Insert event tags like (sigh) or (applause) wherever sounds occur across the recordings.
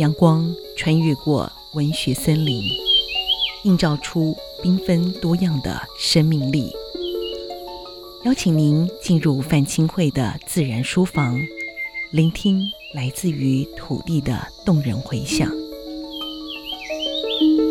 陽光穿越過文學森林，映照出繽紛多樣的生命力。邀請您進入范欽慧的自然書房，聆聽來自於土地的動人回響。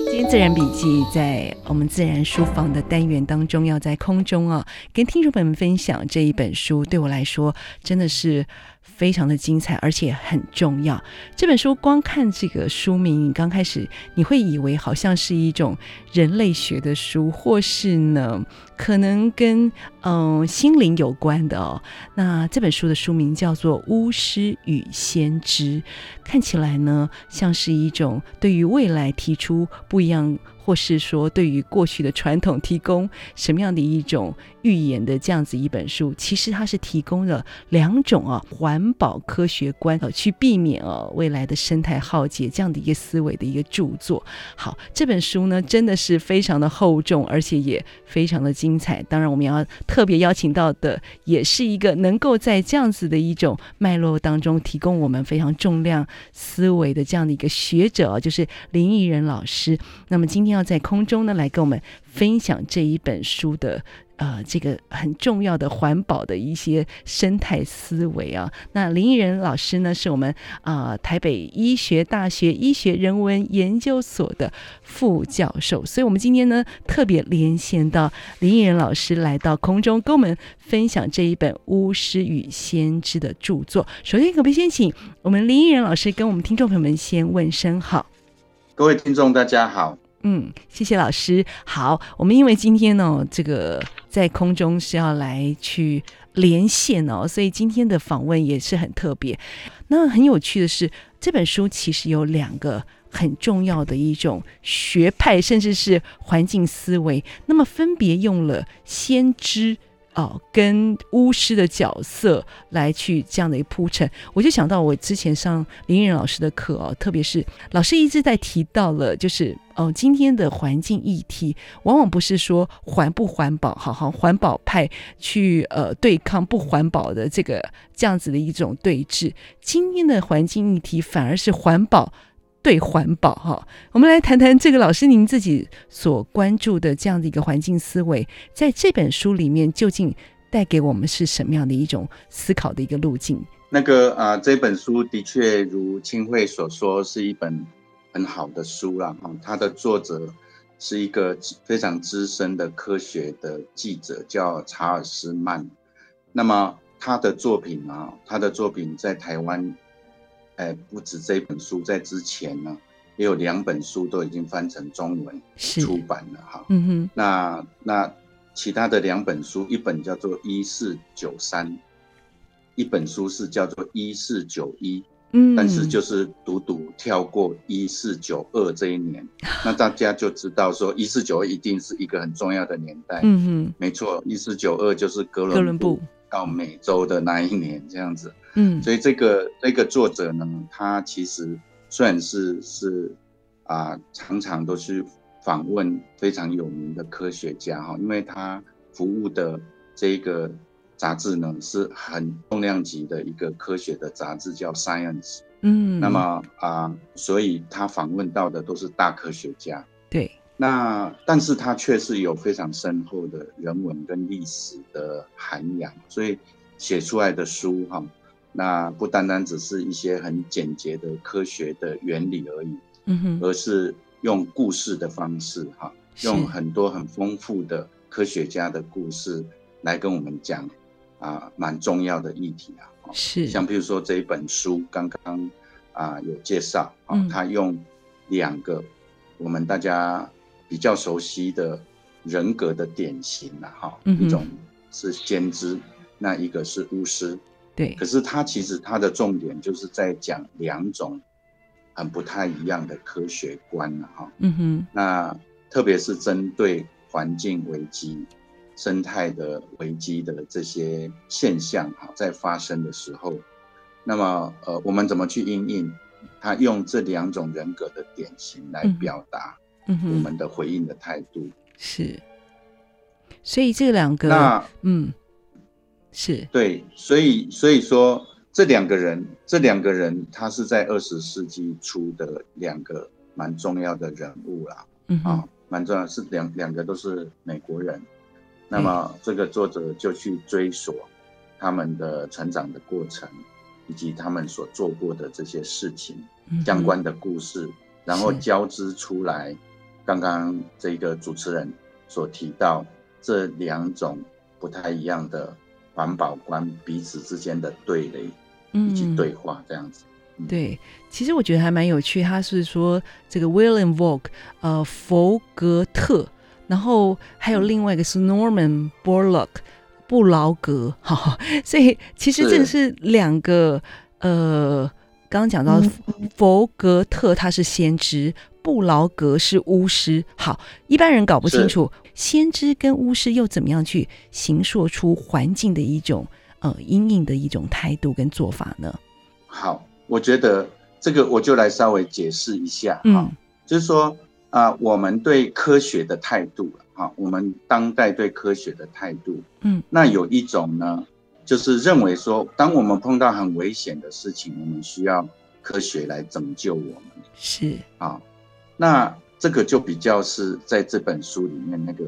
今天自然筆記在我們自然書房的單元當中，要在空中啊，跟聽眾朋友們分享這一本書，對我來說真的是。非常的精彩，而且很重要。這本書光看這個書名，你剛開始你會以為好像是一種人類學的書，或是呢，可能跟嗯、呃、心靈有關的哦。那這本書的書名叫做《巫師與先知》，看起來呢，像是一種對於未來提出不一樣。或是說對於過去的傳統提供什麼樣的一種預言的這樣子一本書，其實它是提供了兩種啊環保科學觀、啊、去避免哦、啊、未來的生態浩劫這樣的一個思維的一個著作。好，這本書呢真的是非常的厚重，而且也非常的精彩。當然，我們要特別邀請到的也是一個能夠在這樣子的一種脈絡當中提供我們非常重量思維的這樣的一個學者，就是林益仁老師。那麼今天。在空中呢，來跟我們分享這一本書的呃、這個很重要的環保的一些生態思維啊。那林益仁老師呢，是我們啊、呃、台北醫學大學醫學人文研究所的副教授，所以我們今天呢特別連線到林益仁老師來到空中，跟我們分享這一本《巫師與先知》的著作。首先可不可以先請我們林益仁老師跟我們聽眾朋友們先問聲好。各位聽眾，大家好。嗯，謝謝老師。好，我們因為今天呢，這個在空中是要來去連線哦，所以今天的訪問也是很特別。那很有趣的是，這本書其實有兩個很重要的一種學派，甚至是環境思維，那麼分別用了先知。哦、跟巫師的角色來去這樣的一個鋪陳，我就想到我之前上林益仁老師的課哦，特別是老師一直在提到了，就是嗯、哦，今天的環境議題往往不是說環不環保，好好環保派去呃對抗不環保的這個這樣子的一種對峙，今天的環境議題反而是環保。對環保哈、哦，我們來談談這個老師您自己所關注的這樣的一個環境思維，在這本書裡面究竟帶給我們是什麼樣的一種思考的一個路徑？那個啊，這本書的確如清慧所說，是一本很好的書了。它的作者是一個非常資深的科學的記者，叫查爾斯·曼。那麼他的作品啊，他的作品在台灣。哎，不止，這本書，在之前呢、啊，也有兩本書都已經翻成中文出版了哈。嗯哼，那那其他的兩本書，一本叫做一四九三，一本書是叫做一四九一，嗯，但是就是獨獨跳過一四九二這一年， (laughs) 那大家就知道說一四九二一定是一個很重要的年代。嗯哼，沒錯，一四九二就是哥倫布。到美洲的那一年，這樣子，嗯，所以這個這個作者呢，他其實算是是，啊，常常都去訪問非常有名的科學家哈，因為他服務的這個雜誌呢是很重量級的一個科學的雜誌，叫 Science，嗯，那麼啊，所以他訪問到的都是大科學家，對。那但是他確實有非常深厚的人文跟歷史的涵養，所以寫出來的書哈、哦，那不單單只是一些很簡潔的科學的原理而已，嗯哼，而是用故事的方式哈、哦，用很多很豐富的科學家的故事來跟我們講啊、呃，蠻重要的議題啊、哦，是像比如說這一本書剛剛啊、呃、有介紹啊，他、哦嗯、用兩個我們大家。比較熟悉的，人格的典型了、啊、哈、嗯，一種是先知，那一個是巫師，對。可是他其實他的重點就是在講兩種很不太一樣的科學觀了、啊、哈，嗯哼。那特別是針對環境危機、生態的危機的這些現象哈，在發生的時候，那麼呃，我們怎麼去因應？他用這兩種人格的典型來表達。嗯我們的回應的態度、嗯、是，所以這兩個那嗯是對，所以所以說這兩個人，這兩個人他是在二十世紀初的兩個蠻重要的人物啦，嗯、啊，蠻重要的是兩兩個都是美國人、嗯，那麼這個作者就去追索他們的成長的過程，以及他們所做過的這些事情、嗯、相關的故事，然後交織出來。嗯剛剛這個主持人所提到這兩種不太一樣的環保觀，彼此之間的對壘以及、嗯、對話，這樣子，嗯。對，其實我覺得還蠻有趣。他是說這個 William Vogt 呃，弗格特，然後還有另外一個是 Norman Borlaug 布勞格，哈。所以其實這是兩個是呃，剛剛講到弗、嗯、格特他是先知。布勞格是巫師，好，一般人搞不清楚，先知跟巫師又怎麼樣去形塑出環境的一種呃因應的一種態度跟做法呢？好，我覺得這個我就來稍微解釋一下，嗯，啊、就是說啊，我們對科學的態度，啊，我們當代對科學的態度，嗯，那有一種呢，就是認為說，當我們碰到很危險的事情，我們需要科學來拯救我們，是啊。那這個就比較是在這本書裡面那個，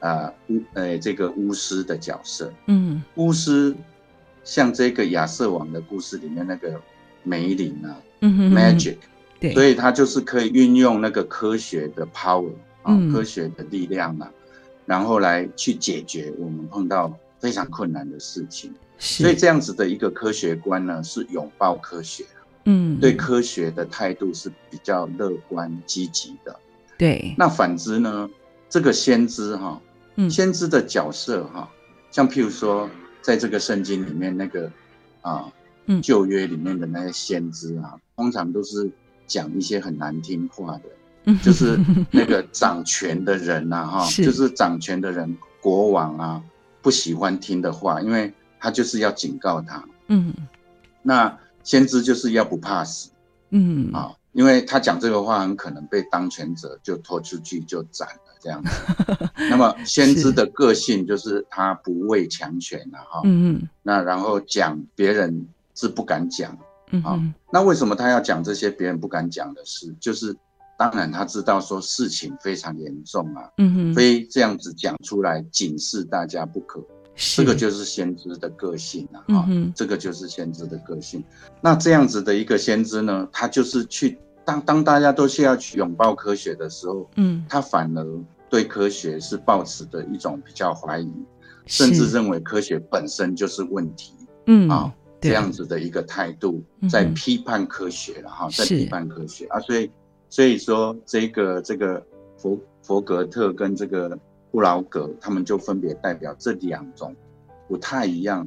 啊、呃、巫，呃，這個巫師的角色，嗯，巫師像這個亞瑟王的故事裡面那個梅林啊嗯哼哼哼，Magic，嗯對，所以他就是可以運用那個科學的 power 啊、嗯，科學的力量啊，然後來去解決我們碰到非常困難的事情，是所以這樣子的一個科學觀呢，是擁抱科學。嗯，對科學的態度是比較樂觀積極的。對，那反之呢？這個先知哈、啊，先知的角色哈、啊嗯，像譬如說，在這個聖經裡面那個啊，舊約裡面的那些先知啊、嗯，通常都是講一些很難聽話的，就是那個掌權的人吶、啊，哈， (laughs) 就是掌權的人，國王啊，不喜歡聽的話，因為他就是要警告他。嗯，那。先知就是要不怕死，嗯啊、哦，因為他講這個話，很可能被當權者就拖出去就斬了這樣子。 (laughs) 那麼先知的個性就是他不畏強權啊。哈、哦，嗯嗯。那然後講別人是不敢講，啊、哦嗯，那為什麼他要講這些別人不敢講的事？就是當然他知道說事情非常嚴重啊，嗯，非這樣子講出來警示大家不可。這個就是先知的個性啊，嗯、哦、這個就是先知的個性。那這樣子的一個先知呢，他就是去當當大家都需要去擁抱科學的時候，嗯，他反而對科學是抱持的一種比較懷疑，甚至認為科學本身就是問題，嗯啊、哦，這樣子的一個態度在批判科學了哈，在批判科學，、嗯、在批判科學啊，所以所以說這個這個佛佛格特跟這個。布勞格，他們就分別代表這兩種不太一樣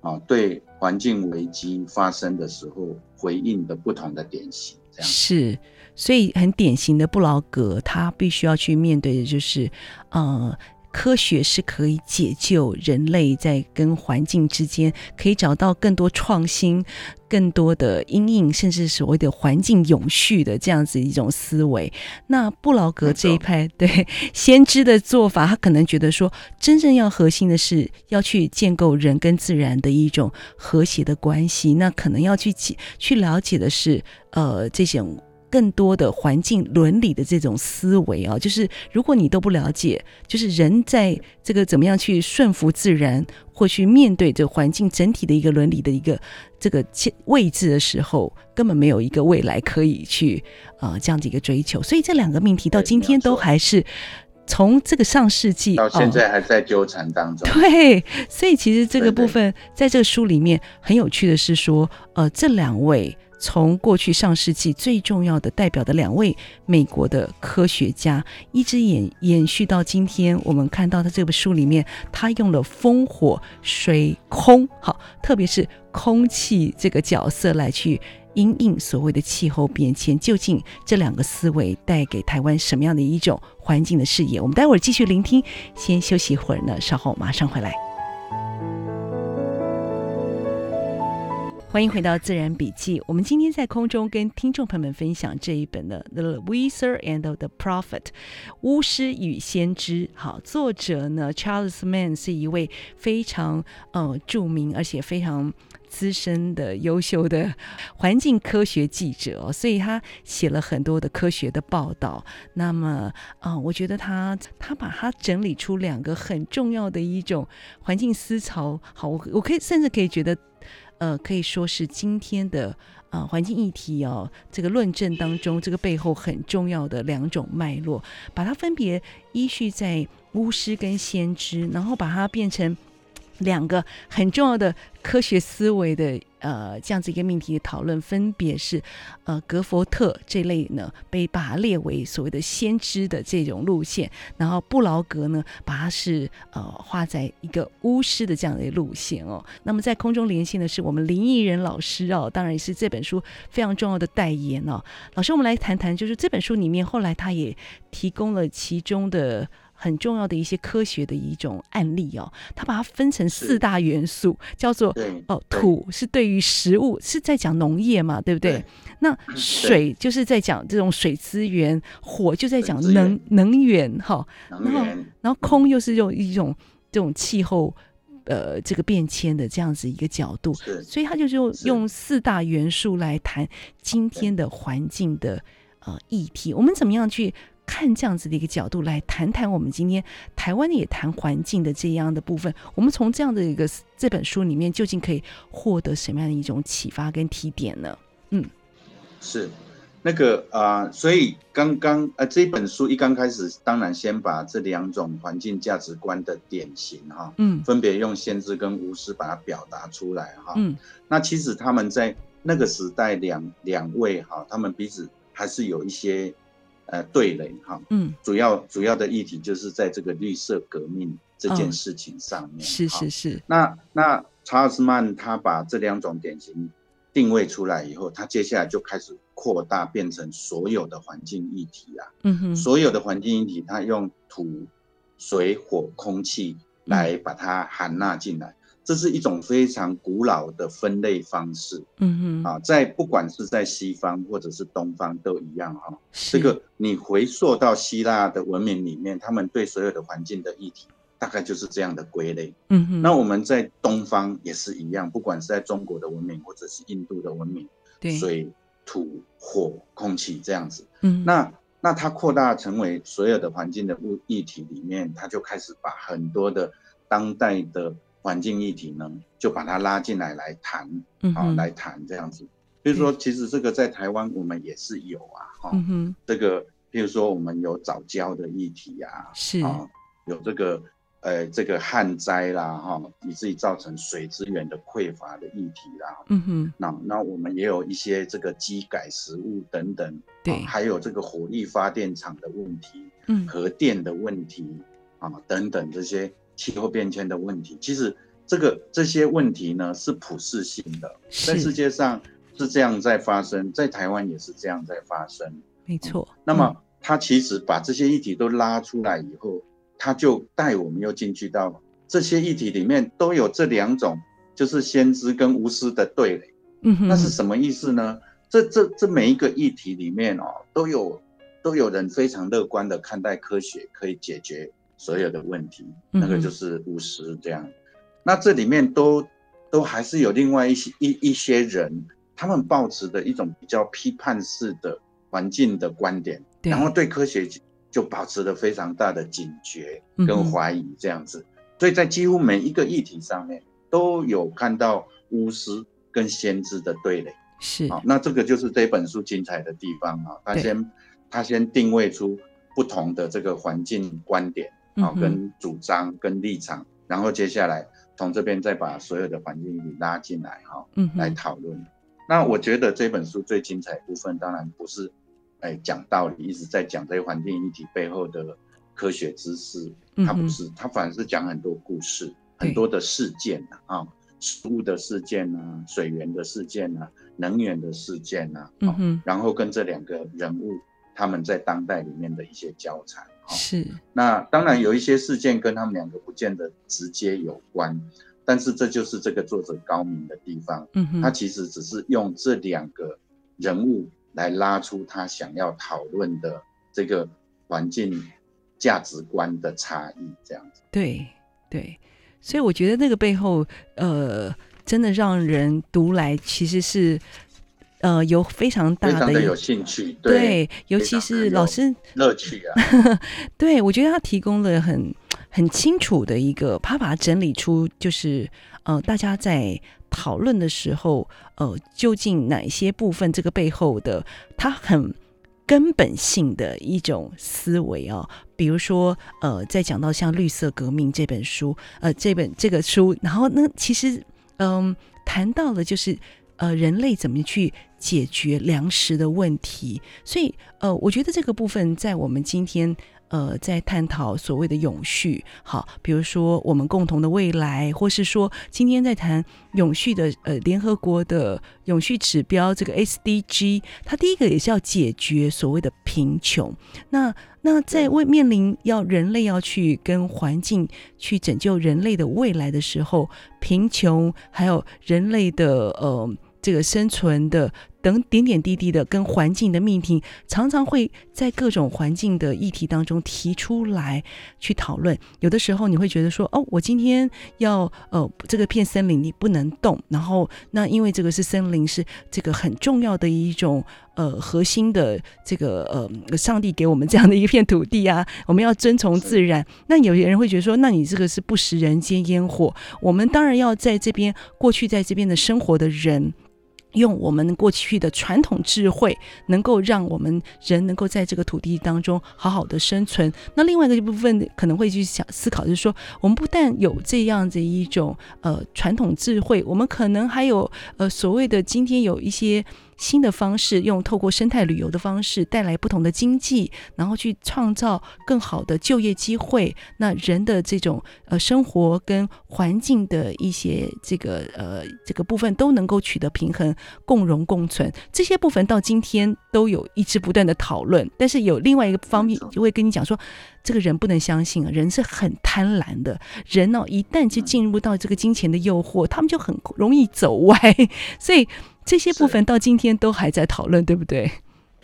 啊，對環境危機發生的時候回應的不同的典型這樣。是，所以很典型的布勞格，他必須要去面對的就是，呃。科學是可以解救人類在跟環境之間可以找到更多創新、更多的因應，甚至所謂的環境永續的這樣子一種思維。那布勞格這一派對先知的做法，他可能覺得說，真正要核心的是要去建構人跟自然的一種和諧的關係。那可能要去解、去了解的是，呃，這些。更多的環境倫理的這種思維啊，就是如果你都不了解，就是人在這個怎麼樣去順服自然，或去面對這環境整體的一個倫理的一個這個位置的時候，根本沒有一個未來可以去啊、呃、這樣子一個追求。所以這兩個命題到今天都還是從這個上世紀、哦、到現在還在糾纏當中。對，所以其實這個部分對對，在這個書裡面很有趣的是說，呃，這兩位。從過去上世紀最重要的代表的兩位美國的科學家，一直延延續到今天，我們看到的這本書裡面，他用了風、火、水、空，好，特別是空氣這個角色來去因應所謂的氣候變遷，究竟這兩個思維帶給台灣什麼樣的一種環境的視野？我們待會兒繼續聆聽，先休息一會兒呢，稍後馬上回來。歡迎回到《自然筆記》。我們今天在空中跟聽眾朋友們分享這一本的《The Wizard and the Prophet》，巫師與先知。好，作者呢，Charles Mann 是一位非常呃著名而且非常資深的優秀的環境科學記者哦，所以他寫了很多的科學的報道。那麼啊、呃，我覺得他他把它整理出兩個很重要的一種環境思潮。好，我我可以我甚至可以覺得。呃，可以說是今天的呃環境議題哦，這個論證當中，這個背後很重要的兩種脈絡，把它分別依序在巫師跟先知，然後把它變成兩個很重要的科學思維的。呃，這樣子一個命題的討論，分別是呃格佛特這類呢被把列為所謂的先知的這種路線，然後布勞格呢把它是呃畫在一個巫師的這樣的路線哦。那麼在空中連線的是我們林益仁老師哦，當然也是這本書非常重要的代言哦。老師，我們來談談，就是這本書裡面後來他也提供了其中的。很重要的一些科學的一種案例哦，他把它分成四大元素，叫做哦土，是對於食物，是在講農業嘛，對不對，對？那水就是在講這種水資源，火就在講能能源哈、哦，然後然後空又是用一種這種氣候呃這個變遷的這樣子一個角度，所以他就是用四大元素來談今天的環境的呃議題，我們怎麼樣去？看這樣子的一個角度來談談我們今天台灣也談環境的這樣的部分，我們從這樣的一個這本書裡面究竟可以獲得什麼樣的一種啟發跟提點呢？嗯，是那個啊、呃，所以剛剛呃，這本書一剛開始，當然先把這兩種環境價值觀的典型哈、哦，嗯，分別用先知跟巫師把它表達出來哈、哦，嗯，那其實他們在那個時代兩兩位哈，他們彼此還是有一些。呃，對壘哈，嗯，主要主要的議題就是在這個綠色革命這件事情上面，哦，是是是。那那查爾斯曼他把這兩種典型定位出來以後，他接下來就開始擴大，變成所有的環境議題啊，嗯哼，所有的環境議題，他用土、水、火、空氣來把它含納進來。嗯這是一種非常古老的分類方式，嗯哼，啊，在不管是在西方或者是東方都一樣哈。這個你回溯到希臘的文明裡面，他們對所有的環境的議題大概就是這樣的歸類，嗯哼。那我們在東方也是一樣，不管是在中國的文明或者是印度的文明，對，水、土、火、空氣這樣子，嗯哼。那那它擴大成為所有的環境的物議題裡面，它就開始把很多的當代的。環境議題呢，就把它拉進來來談，好、嗯啊、來談這樣子。比如說，其實這個在台灣我們也是有啊，哈、嗯啊，這個比如說我們有藻礁的議題啊，是啊，有這個呃這個旱災啦，哈、啊，以至於造成水資源的匱乏的議題啦，嗯哼，那那我們也有一些這個基改食物等等、啊，還有這個火力發電廠的問題、嗯，核電的問題啊等等這些。氣候變遷的問題，其實這個這些問題呢是普世性的，在世界上是這樣在發生，在台灣也是這樣在發生，沒錯、哦嗯。那麼他其實把這些議題都拉出來以後，他就帶我們又進去到這些議題裡面，都有這兩種，就是先知跟巫師的對壘。嗯哼。那是什麼意思呢？這這這每一個議題裡面哦，都有都有人非常樂觀的看待科學可以解決。所有的問題，那個就是巫師這樣。嗯、那這裡面都都還是有另外一些一一些人，他們抱持的一種比較批判式的環境的觀點，然後對科學就保持了非常大的警覺跟懷疑這樣子、嗯。所以在幾乎每一個議題上面都有看到巫師跟先知的對壘。是、啊、那這個就是這本書精彩的地方啊。他先他先定位出不同的這個環境觀點。好，跟主張、跟立場，mm -hmm. 然後接下來從這邊再把所有的環境議題拉進來，哈，嗯，來討論。那我覺得這本書最精彩的部分，當然不是，哎，講道理，一直在講這個環境議題背後的科學知識，他、mm -hmm. 不是，他反而是講很多故事、okay. 很多的事件啊，食物的事件啊，水源的事件啊，能源的事件啊，嗯、mm -hmm.，然後跟這兩個人物他們在當代裡面的一些交纏。是，那當然有一些事件跟他們兩個不見得直接有關，嗯，但是這就是這個作者高明的地方。嗯哼，他其實只是用這兩個人物來拉出他想要討論的這個環境價值觀的差異，這樣子。對對，所以我覺得那個背後，呃，真的讓人讀來其實是。呃，有非常大的，非常的有興趣。對，對，尤其是老師樂趣啊， (laughs) 對，我覺得他提供了很很清楚的一個，把他把它整理出，就是呃，大家在討論的時候，呃，究竟哪些部分，這個背後的他很根本性的一種思維啊、哦，比如說呃，在講到像《綠色革命》這本書，呃，這本這個書，然後呢，其實嗯，談、呃、到了就是。呃，人類怎麼去解決糧食的問題？所以，呃，我覺得這個部分在我們今天，呃，在探討所謂的永續，好，比如說我們共同的未來，或是說今天在談永續的呃聯合國的永續指標這個 SDG，它第一個也是要解決所謂的貧窮。那那在為面臨要人類要去跟環境去拯救人類的未來的時候，貧窮還有人類的呃。這個生存的等點點滴滴的跟環境的命題，常常會在各種環境的議題當中提出來去討論。有的時候你會覺得說，哦，我今天要呃這個片森林你不能動，然後那因為這個是森林，是這個很重要的一種呃核心的這個呃上帝給我們這樣的一片土地啊，我們要遵從自然。那有些人會覺得說，那你這個是不食人間煙火。我們當然要在這邊過去，在這邊的生活的人。用我們過去的傳統智慧，能夠讓我們人能夠在這個土地當中好好的生存。那另外一個一部分可能會去想思考，就是說，我們不但有這樣子一種呃傳統智慧，我們可能還有呃所謂的今天有一些。新的方式，用透過生態旅游的方式帶來不同的經濟，然後去創造更好的就業機會，那人的這種呃生活跟環境的一些這個呃這個部分都能夠取得平衡，共榮共存。這些部分到今天都有一直不斷的討論。但是有另外一個方面就會跟你講說，這個人不能相信啊，人是很貪婪的，人呢、哦、一旦就進入到這個金錢的誘惑，他們就很容易走歪，所以。這些部分到今天都還在討論，對不對？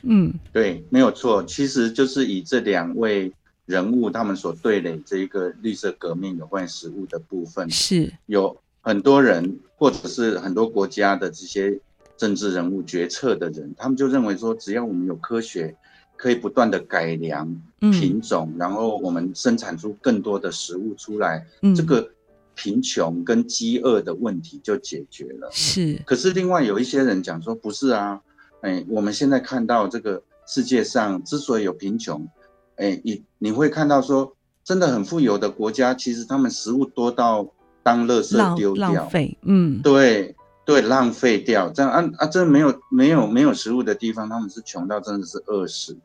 嗯，對，沒有錯。其實就是以這兩位人物他們所對壘這一個綠色革命有關於食物的部分，是有很多人或者是很多國家的這些政治人物決策的人，他們就認為說，只要我們有科學，可以不斷的改良品種，嗯，然後我們生產出更多的食物出來，嗯、這個。貧窮跟飢餓的問題就解決了。是，可是另外有一些人講說，不是啊，哎、欸，我們現在看到這個世界上之所以有貧窮，哎、欸，你你會看到說，真的很富有的國家，其實他們食物多到當垃圾丟掉。嗯，對對，浪費掉這樣啊啊，真的沒有沒有沒有食物的地方，他們是窮到真的是餓死，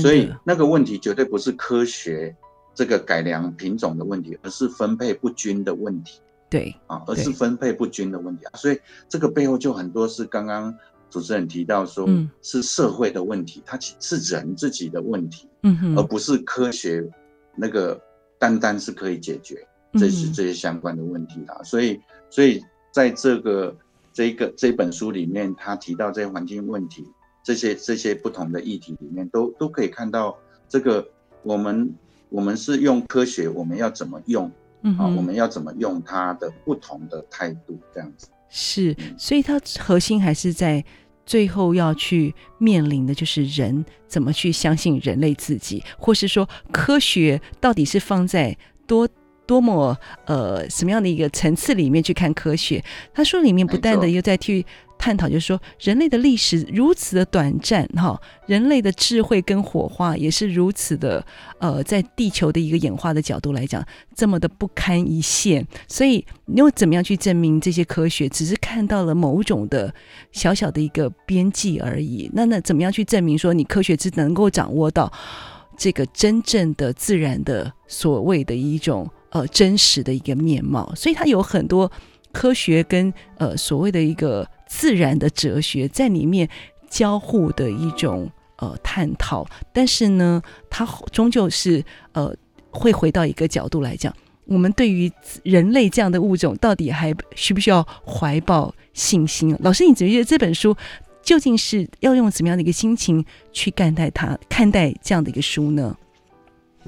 所以那個問題絕對不是科學。這個改良品種的問題，而是分配不均的問題。對，啊，而是分配不均的問題啊。所以這個背後就很多是剛剛主持人提到說，是社會的問題，嗯、它其實是人自己的問題，嗯，而不是科學那個單單是可以解決這是這些相關的問題，嗯、所以，所以在這個這個這一本書裡面，他提到這些環境問題，這些這些不同的議題裡面，都都可以看到這個我們。我們是用科學，我們要怎麼用，嗯？啊，我們要怎麼用它的不同的態度這樣子？是，所以它核心還是在最後要去面臨的就是人怎麼去相信人類自己，或是說科學到底是放在多？多麼呃什麼樣的一個層次裡面去看科學？他說裡面不斷的又在去探討，就是說人類的歷史如此的短暫哈，人類的智慧跟火花也是如此的呃，在地球的一個演化的角度來講，這麼的不堪一現。所以你又怎麼樣去證明這些科學只是看到了某種的小小的一個邊際而已？那那怎麼樣去證明說你科學是能夠掌握到這個真正的自然的所謂的一種？呃，真實的一個面貌，所以它有很多科學跟呃所謂的一個自然的哲學在裡面交互的一種呃探討。但是呢，它終究是呃會回到一個角度來講，我們對於人類這樣的物種，到底還需不需要懷抱信心？老師，你覺得這本書究竟是要用怎麼樣的一個心情去看待它，看待這樣的一個書呢？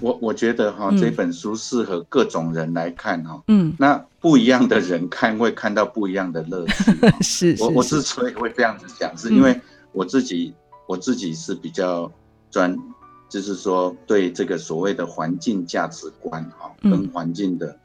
我我覺得哈、哦嗯，這本書適合各種人來看哈、哦。嗯，那不一樣的人看、嗯、會看到不一樣的樂趣、哦。 (laughs) 是，我我之所以會這樣子講，是，是因為我自己、嗯、我自己是比較專，就是說對這個所謂的環境價值觀哈、哦嗯，跟環境的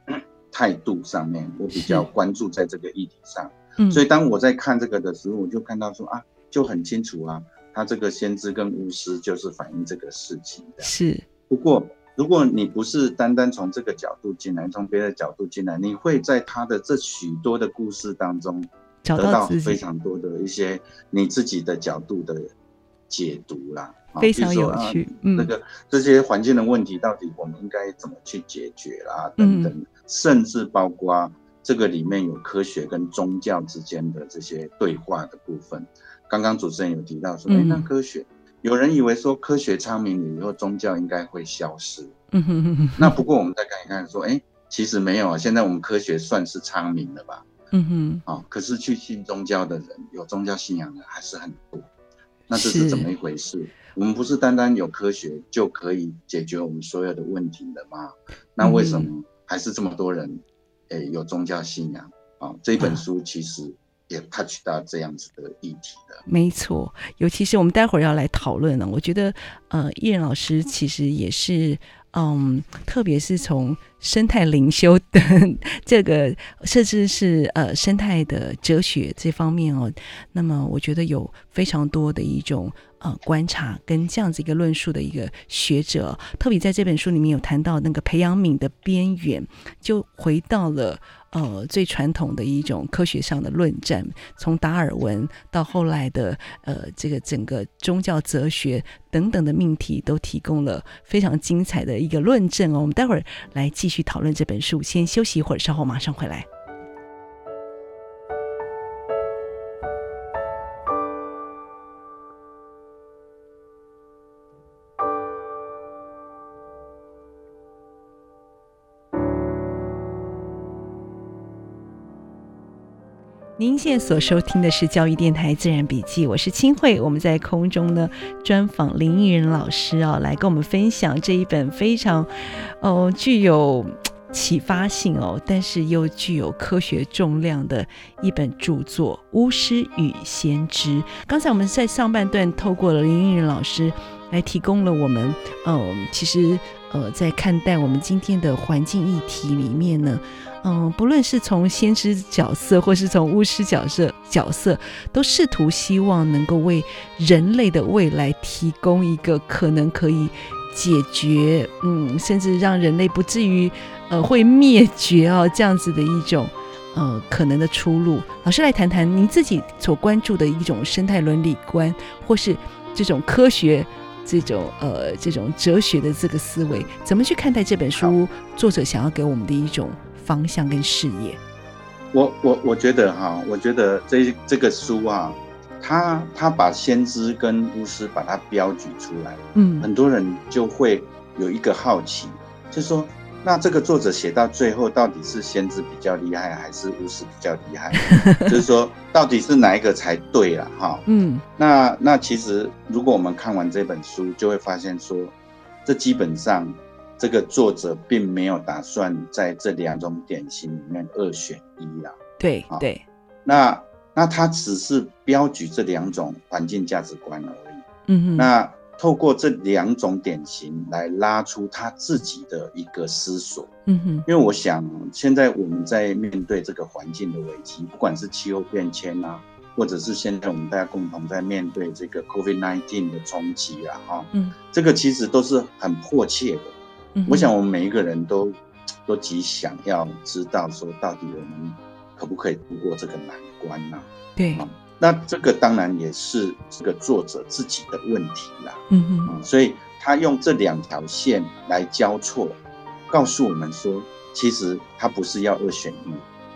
態度上面、嗯，我比較關注在這個議題上。所以當我在看這個的時候，我就看到說啊，就很清楚啊，他這個先知跟巫師就是反映這個事情的。是。不過，如果你不是單單從這個角度進來，從別的角度進來，你會在他的這許多的故事當中，得到非常多的一些你自己的角度的解讀啦，非常有趣。嗯啊、那個這些環境的問題到底我們應該怎麼去解決啦？等等、嗯，甚至包括啊，這個裡面有科學跟宗教之間的這些對話的部分。剛剛主持人有提到說，嗯、哎，那科學。有人以為說科學昌明以後，宗教應該會消失。嗯哼哼哼。那不過我們再看一看說，說、欸、哎，其實沒有啊。現在我們科學算是昌明了吧？嗯、哦、可是去信宗教的人，有宗教信仰的還是很多。那這是怎麼一回事？我們不是單單有科學就可以解決我們所有的問題的嗎？那為什麼還是這麼多人，哎、欸，有宗教信仰？啊、哦，這本書其實、嗯。也 touch 到這樣子的議題的，沒錯。尤其是我們待會兒要來討論了、啊，我覺得呃，益仁老師其實也是嗯，特別是從生態靈修的呵呵這個，甚至是呃生態的哲學這方面哦，那麼我覺得有非常多的一種。呃，觀察跟這樣子一個論述的一個學者，特別在這本書裡面有談到那個培養皿的邊緣，就回到了呃最傳統的一種科學上的論戰，從達爾文到後來的呃這個整個宗教哲學等等的命題，都提供了非常精彩的一個論證哦。我們待會兒來繼續討論這本書，先休息一會兒，稍後馬上回來。您現在所收聽的是《教育電台自然筆記》，我是清慧。我們在空中呢專訪林益仁老師啊，來跟我們分享這一本非常，呃，具有啟發性哦，但是又具有科學重量的一本著作《巫師與先知》。剛才我們在上半段透過了林益仁老師來提供了我們，嗯、呃，其實呃，在看待我們今天的環境議題裡面呢。嗯，不論是從先知角色，或是從巫師角色角色，都試圖希望能夠為人類的未來提供一個可能可以解決，嗯，甚至讓人類不至於呃會滅絕啊、哦、這樣子的一種呃可能的出路。老師，來談談您自己所關注的一種生態倫理觀，或是這種科學、這種呃這種哲學的這個思維，怎麼去看待這本書作者想要給我們的一種方向跟事業，我我我覺得哈、啊，我覺得這這個書啊，他他把先知跟巫師把它標舉出來，嗯，很多人就會有一個好奇，就是說那這個作者寫到最後到底是先知比較厲害還是巫師比較厲害？ (laughs) 就是說到底是哪一個才對了哈？嗯，那那其實如果我們看完這本書，就會發現說，這基本上。這個作者並沒有打算在這兩種典型裡面二選一了、啊。對對，哦、那那他只是標舉這兩種環境價值觀而已。嗯哼，那透過這兩種典型來拉出他自己的一個思索。嗯哼，因為我想，現在我們在面對這個環境的危機，不管是氣候變遷啊，或者是現在我們大家共同在面對這個 COVID nineteen 的衝擊啊，哈、哦，嗯，這個其實都是很迫切的。我想，我們每一個人都都極想要知道，說到底我們可不可以度過這個難關呢、啊？對、嗯、那這個當然也是這個作者自己的問題啦。嗯哼，嗯所以他用這兩條線來交錯，告訴我們說，其實他不是要二選一、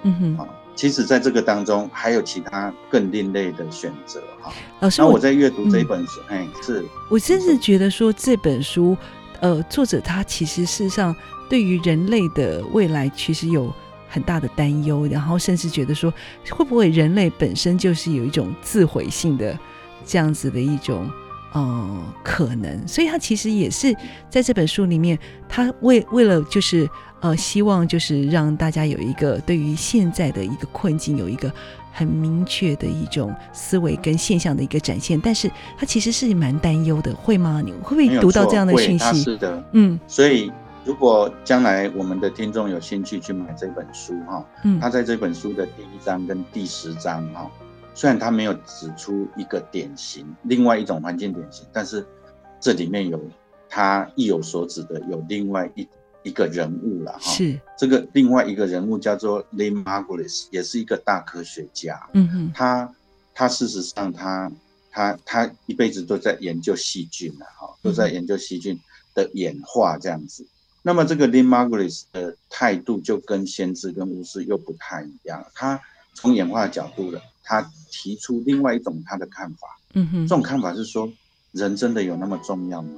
嗯。嗯哼，其實在這個當中還有其他更另類的選擇。哈，老師我，那我在閱讀這本書，哎、嗯欸，是我甚至覺得說這本書。呃，作者他其實事實上對於人類的未來，其實有很大的擔憂，然後甚至覺得說，會不會人類本身就是有一種自毀性的這樣子的一種呃可能，所以他其實也是在這本書裡面，他為為了就是。呃，希望就是讓大家有一個對於現在的一個困境，有一個很明確的一種思維跟現象的一個展現，但是他其實是蠻擔憂的，會嗎？你會不會讀到這樣的訊息？沒有錯，會，他是的，嗯。所以如果將來我們的聽眾有興趣去買這本書哈，嗯，他在這本書的第一章跟第十章哈，雖然他沒有指出一個典型，另外一種環境典型，但是這裡面有他意有所指的，有另外一。一個人物了哈，是、哦、這個另外一個人物叫做 Lynn Margulis 也是一個大科學家。嗯哼，他他事實上他他他一輩子都在研究細菌了哈、哦嗯，都在研究細菌的演化，這樣子。那麼這個 Lynn Margulis 的態度就跟先知跟巫師又不太一樣，他從演化角度的，他提出另外一種他的看法。嗯哼，這種看法是說，人真的有那麼重要嗎？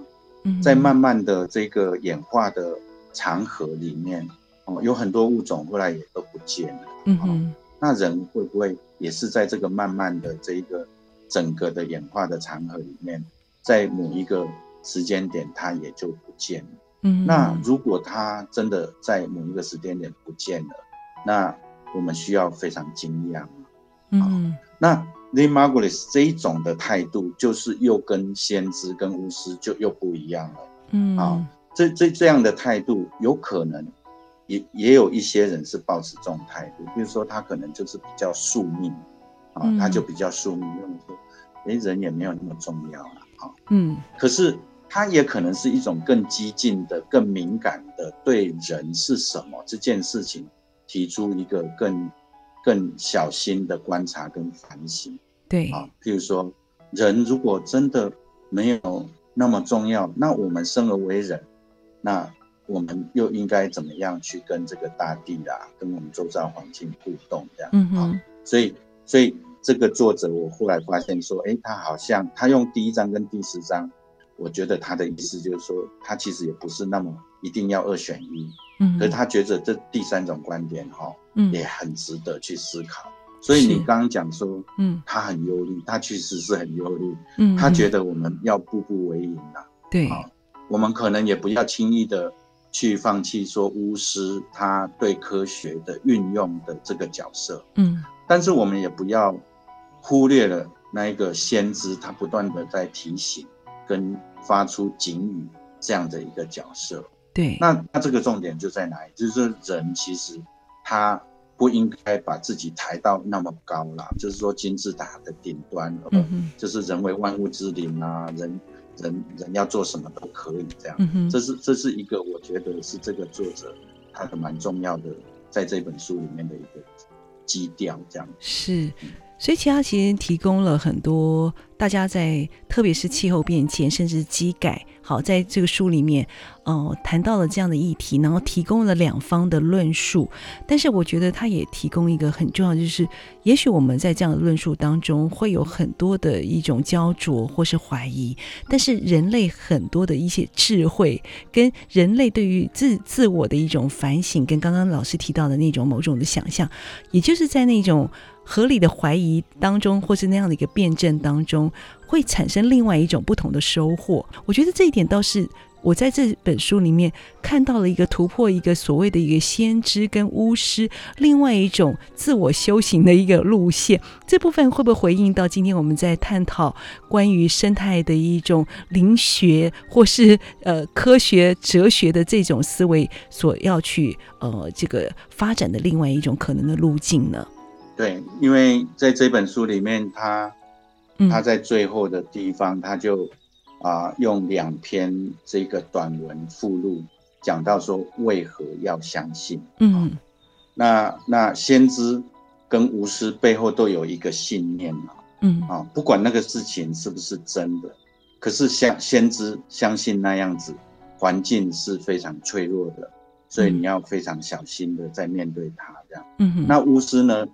嗯、在慢慢的這個演化的。長河裡面，哦，有很多物種後來也都不見了。嗯、哦、那人會不會也是在這個慢慢的這個整個的演化的長河裡面，在某一個時間點，它也就不見了。嗯，那如果它真的在某一個時間點不見了，那我們需要非常驚訝。嗯、哦，那 Lynn Margulis 這一種的態度，就是又跟先知跟巫師就又不一樣了。嗯，好、哦。這這這樣的態度，有可能也，也也有一些人是抱持這種態度，比如說他可能就是比較宿命，啊，嗯、他就比較宿命，那麼說、欸，人也沒有那麼重要了、啊，啊，嗯，可是他也可能是一種更激進的、更敏感的對人是什麼這件事情，提出一個更更小心的觀察跟反省，對，啊，譬如說，人如果真的沒有那麼重要，那我們生而為人。那我們又應該怎麼樣去跟這個大地啊，跟我們周遭環境互動這樣？嗯、哦、所以，所以這個作者我後來發現說，哎，他好像他用第一章跟第十章，我覺得他的意思就是說，他其實也不是那麼一定要二選一。嗯。可是他覺得這第三種觀點哈、哦嗯，也很值得去思考。所以你剛剛講說，嗯，他很憂慮，他確實是很憂慮。嗯。他覺得我們要步步為營了、啊。對。哦我們可能也不要輕易的去放棄說巫師他對科學的運用的這個角色，嗯，但是我們也不要忽略了那一個先知他不斷的在提醒跟發出警語這樣的一個角色。對，那那這個重點就在哪裡？就是說人其實他不應該把自己抬到那麼高了，就是說金字塔的頂端，不，嗯嗯哦，就是人為萬物之靈啊，人。人人要做什麼都可以，這樣，嗯、這是這是一個我覺得是這個作者他很蠻重要的，在這本書裡面的一個基調，這樣是。所以，其他其實提供了很多大家在，特別是氣候變遷，甚至基改，好，在這個書裡面，嗯、呃，談到了這樣的議題，然後提供了兩方的論述。但是，我覺得它也提供一個很重要，就是也許我們在這樣的論述當中，會有很多的一種焦灼或是懷疑。但是，人類很多的一些智慧，跟人類對於自自我的一種反省，跟剛剛老師提到的那種某種的想象，也就是在那種。合理的懷疑當中，或是那樣的一個辯證當中，會產生另外一種不同的收穫。我覺得這一點倒是我在這本書裡面看到了一個突破，一個所謂的一個先知跟巫師，另外一種自我修行的一個路線。這部分會不會回應到今天我們在探討關於生態的一種靈學，或是呃科學哲學的這種思維所要去呃這個發展的另外一種可能的路徑呢？對，因為在這本書裡面，他他在最後的地方，嗯、他就啊、呃、用兩篇這個短文附錄講到說為何要相信。嗯、哦，那那先知跟巫師背後都有一個信念啊、哦，嗯啊、哦，不管那個事情是不是真的，可是相先知相信那樣子環境是非常脆弱的，所以你要非常小心的在面對他這樣。嗯哼，那巫師呢？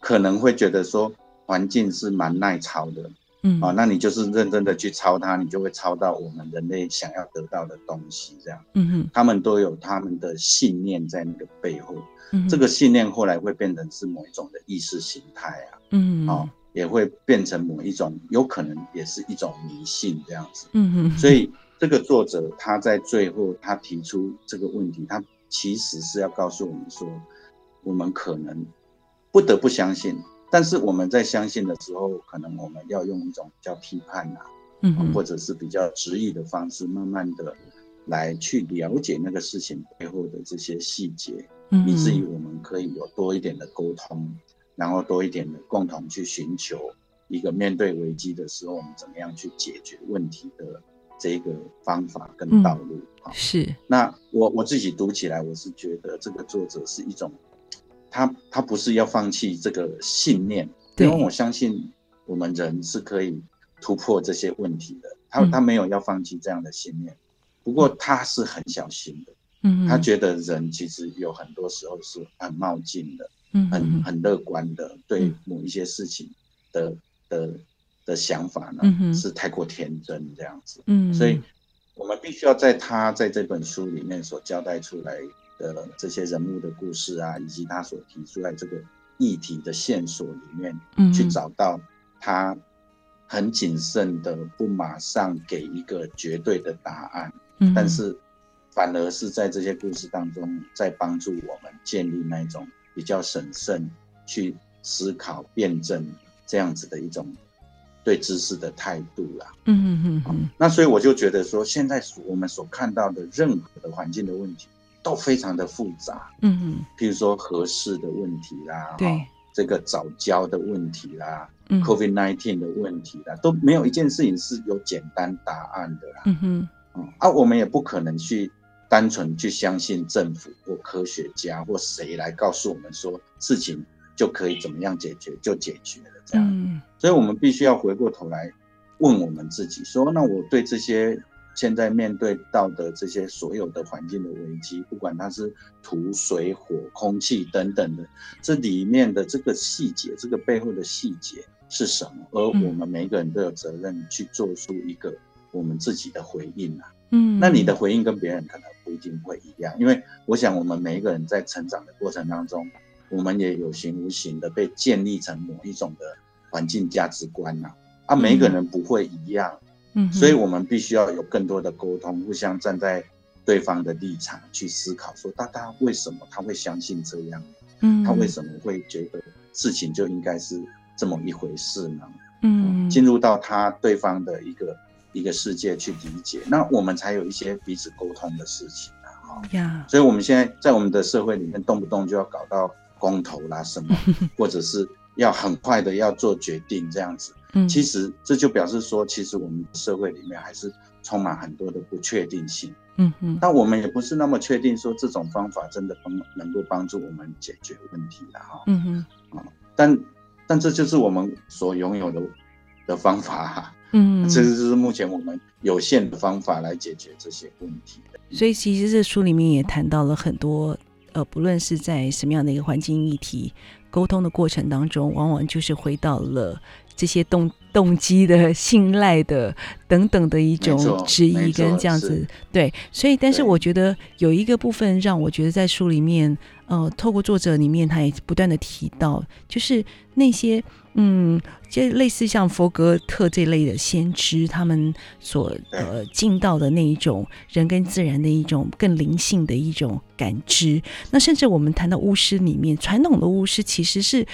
可能會覺得說環境是蠻耐操的，嗯、哦、那你就是認真的去操它，你就會操到我們人類想要得到的東西，這樣，嗯，他們都有他們的信念在那個背後、嗯，這個信念後來會變成是某一種的意識形態啊，嗯、哦、也會變成某一種，有可能也是一種迷信這樣子，嗯，所以這個作者他在最後他提出這個問題，他其實是要告訴我們說，我們可能。不得不相信，但是我們在相信的時候，可能我們要用一種比較批判啊，嗯，或者是比較質疑的方式，慢慢的來去了解那個事情背後的這些細節，嗯，以至於我們可以有多一點的溝通，然後多一點的共同去尋求一個面對危機的時候，我們怎麼樣去解決問題的這個方法跟道路啊，嗯。是。那我我自己讀起來，我是覺得這個作者是一種。他他不是要放棄這個信念，因為我相信我們人是可以突破這些問題的。他他沒有要放棄這樣的信念，嗯、不過他是很小心的。嗯，他覺得人其實有很多時候是很冒進的，嗯，很很樂觀的，對某一些事情的、嗯、的的想法呢、嗯、是太過天真這樣子。嗯，所以我們必須要在他在這本書裡面所交代出來，的這些人物的故事啊，以及他所提出來這個議題的線索裡面，嗯，去找到他很謹慎的不馬上給一個絕對的答案，嗯，但是反而是在這些故事當中，在幫助我們建立那種比較審慎去思考辯證這樣子的一種對知識的態度啦，啊，嗯嗯嗯，那所以我就覺得說，現在我們所看到的任何的環境的問題。都非常的複雜，嗯嗯。譬如說核四的問題啦，喔、這個藻礁的問題啦，嗯，COVID-19 的問題啦，都沒有一件事情是有簡單答案的啦。嗯嗯啊，我們也不可能去單純去相信政府或科學家或誰來告訴我們說，事情就可以怎麼樣解決就解決了這樣，嗯，所以我們必須要回過頭來問我們自己說，那我對這些。現在面對到的這些所有的環境的危機，不管它是土、水、火、空氣等等的，這裡面的這個細節，這個背後的細節是什麼？而我們每個人都有責任去做出一個我們自己的回應啊。嗯，那你的回應跟別人可能不一定會一樣，因為我想我們每一個人在成長的過程當中，我們也有形無形的被建立成某一種的環境價值觀啊，啊，每一個人不會一樣。嗯， (noise) 所以我們必須要有更多的溝通，互相站在對方的立場去思考說，說他他為什麼他會相信這樣，嗯，他為什麼會覺得事情就應該是這麼一回事呢？嗯，進 (noise) 入到他對方的一個一個世界去理解，那我們才有一些彼此溝通的事情啊。Yeah. 所以我們現在在我們的社會裡面，動不動就要搞到公投啦什麼， (laughs) 或者是要很快的要做決定這樣子。嗯，其實這就表示說，其實我們社會裡面還是充滿很多的不確定性。嗯嗯，但我們也不是那麼確定說這種方法真的幫能，能夠幫助我們解決問題的哈、哦。嗯哼，啊、哦，但但這就是我們所擁有的的方法哈、啊。嗯，這就是目前我們有限的方法來解決這些問題。所以其實這書裡面也談到了很多，呃，不論是在什麼樣的一個環境議題，溝通的過程當中，往往就是回到了。這些動動機的信賴的等等的一種質疑，跟這樣子對，所以但是我覺得有一個部分讓我覺得在書裡面，呃，透過作者裡面他也不斷的提到，就是那些嗯，就類似像佛格特這類的先知，他們所呃盡到的那一種人跟自然的一種更靈性的一種感知，那甚至我們談到巫師裡面，傳統的巫師其實是。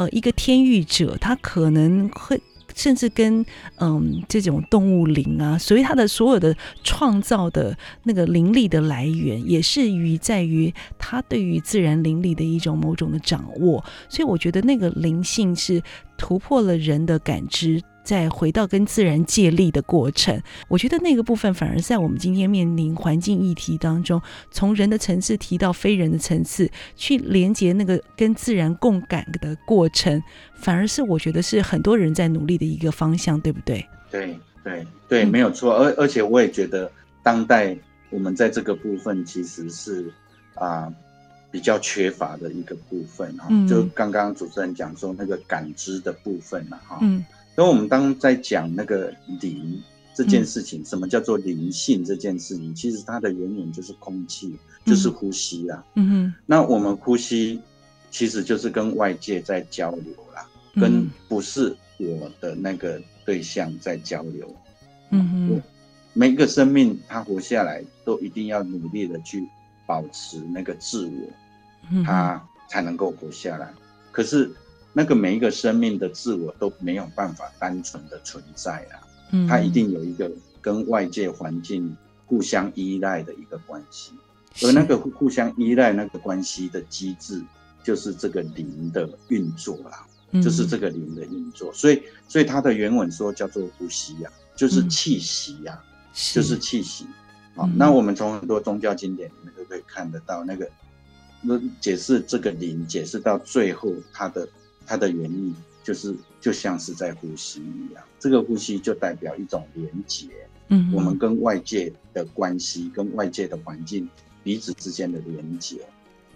呃，一個天域者，他可能會甚至跟嗯，這種動物靈啊，所以他的所有的創造的那個靈力的來源，也是於在於他對於自然靈力的一種某種的掌握。所以我覺得那個靈性是突破了人的感知。再回到跟自然借力的過程，我覺得那個部分反而在我們今天面臨環境議題當中，從人的層次提到非人的層次去連接那個跟自然共感的過程，反而是我覺得是很多人在努力的一個方向，對不對？對對對，沒有錯。而、嗯、而且我也覺得，當代我們在這個部分其實是啊、呃、比較缺乏的一個部分哈、嗯，就剛剛主持人講說那個感知的部分嘛。哈。嗯。因為我們當在講那個靈這件事情，嗯、什麼叫做靈性這件事情？嗯、其實它的原點就是空氣、嗯，就是呼吸啦、啊。嗯，那我們呼吸，其實就是跟外界在交流啦、嗯，跟不是我的那個對象在交流。嗯，嗯，每個生命，它活下來都一定要努力的去保持那個自我，嗯、它才能夠活下來。嗯、可是。那個每一個生命的自我都沒有辦法單純的存在啦、啊嗯，它一定有一個跟外界環境互相依賴的一個關係，而那個互相依賴那個關係的機制就是、啊嗯，就是這個靈的運作啦，就是這個靈的運作。所以，所以它的原文說叫做呼吸呀、啊，就是氣息呀、啊嗯，就是氣息、啊就是、氣息。好、嗯啊，那我們從很多宗教經典裡面都可以看得到、那個，那個那解釋這個靈解釋到最後它的。它的原理就是就像是在呼吸一樣，這個呼吸就代表一種連接。嗯，我們跟外界的關係、跟外界的環境、彼此之間的連接、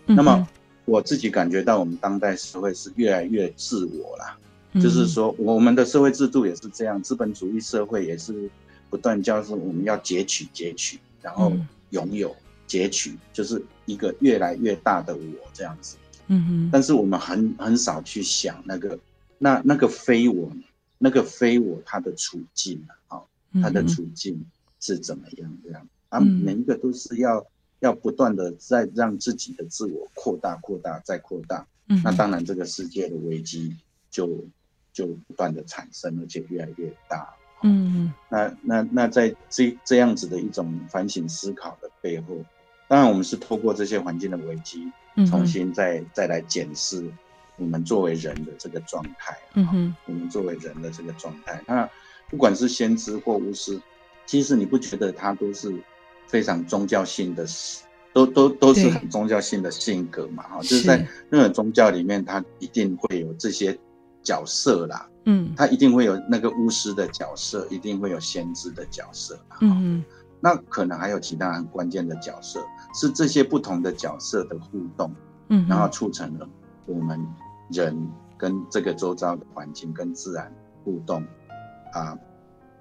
嗯。那麼我自己感覺到，我們當代社會是越來越自我啦、嗯、就是說我們的社會制度也是這樣，資本主義社會也是不斷叫是我們要截取、截取，然後擁有、截、嗯、取，就是一個越來越大的我這樣子。嗯哼，但是我們很很少去想那個，那那個非我，那個非我他的處境啊，哦，他的處境是怎麼樣這樣的、嗯？啊，每一個都是要要不斷的在讓自己的自我擴大擴大再擴大、嗯。那當然，這個世界的危機就就不斷的產生，而且越來越大。哦、嗯哼，那那那在這這樣子的一種反省思考的背後，當然，我們是透過這些環境的危機，嗯，重新再再來檢視我們作為人的這個狀態。嗯哼，我們作為人的這個狀態。那不管是先知或巫師，其實你不覺得他都是非常宗教性的，都都都是很宗教性的性格嘛？哈，就是在任何宗教裡面，他一定會有這些角色啦。嗯，他一定會有那個巫師的角色，一定會有先知的角色。嗯。那可能還有其他很關鍵的角色，是這些不同的角色的互動，嗯，然後促成了我們人跟這個周遭的環境跟自然互動，啊，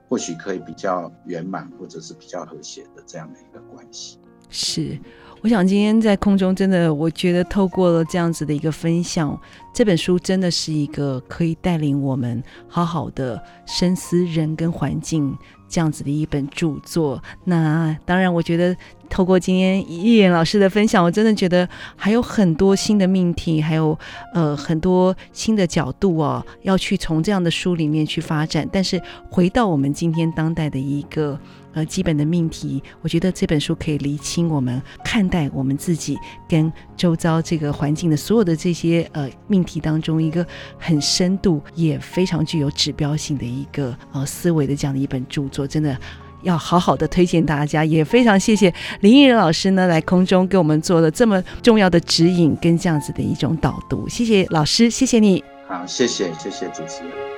或許可以比較圓滿或者是比較和諧的這樣的一個關係。是，我想今天在空中真的，我覺得透過了這樣子的一個分享，這本書真的是一個可以帶領我們好好的深思人跟環境。這樣子的一本著作，那當然，我覺得透過今天益仁老師的分享，我真的覺得還有很多新的命題，還有呃很多新的角度哦，要去從這樣的書裡面去發展。但是回到我們今天當代的一個，呃，基本的命題，我覺得這本書可以釐清我們看待我們自己跟周遭這個環境的所有的這些呃命題當中一個很深度也非常具有指標性的一個呃思維的這樣的一本著作，真的要好好的推薦大家。也非常謝謝林益仁老師呢，來空中給我們做了這麼重要的指引跟這樣子的一種導讀。謝謝老師，謝謝你。好，謝謝，謝謝主持人。